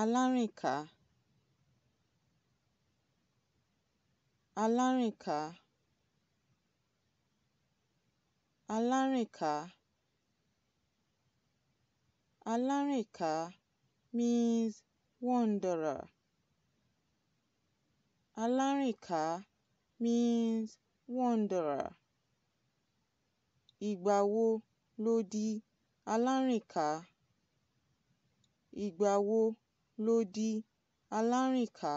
alárìnká alárìnká alárìnká alárìnká means wanderer alárìnká means wanderer ìgbà wo lo di alárìnká ìgbà ló di alárìnká.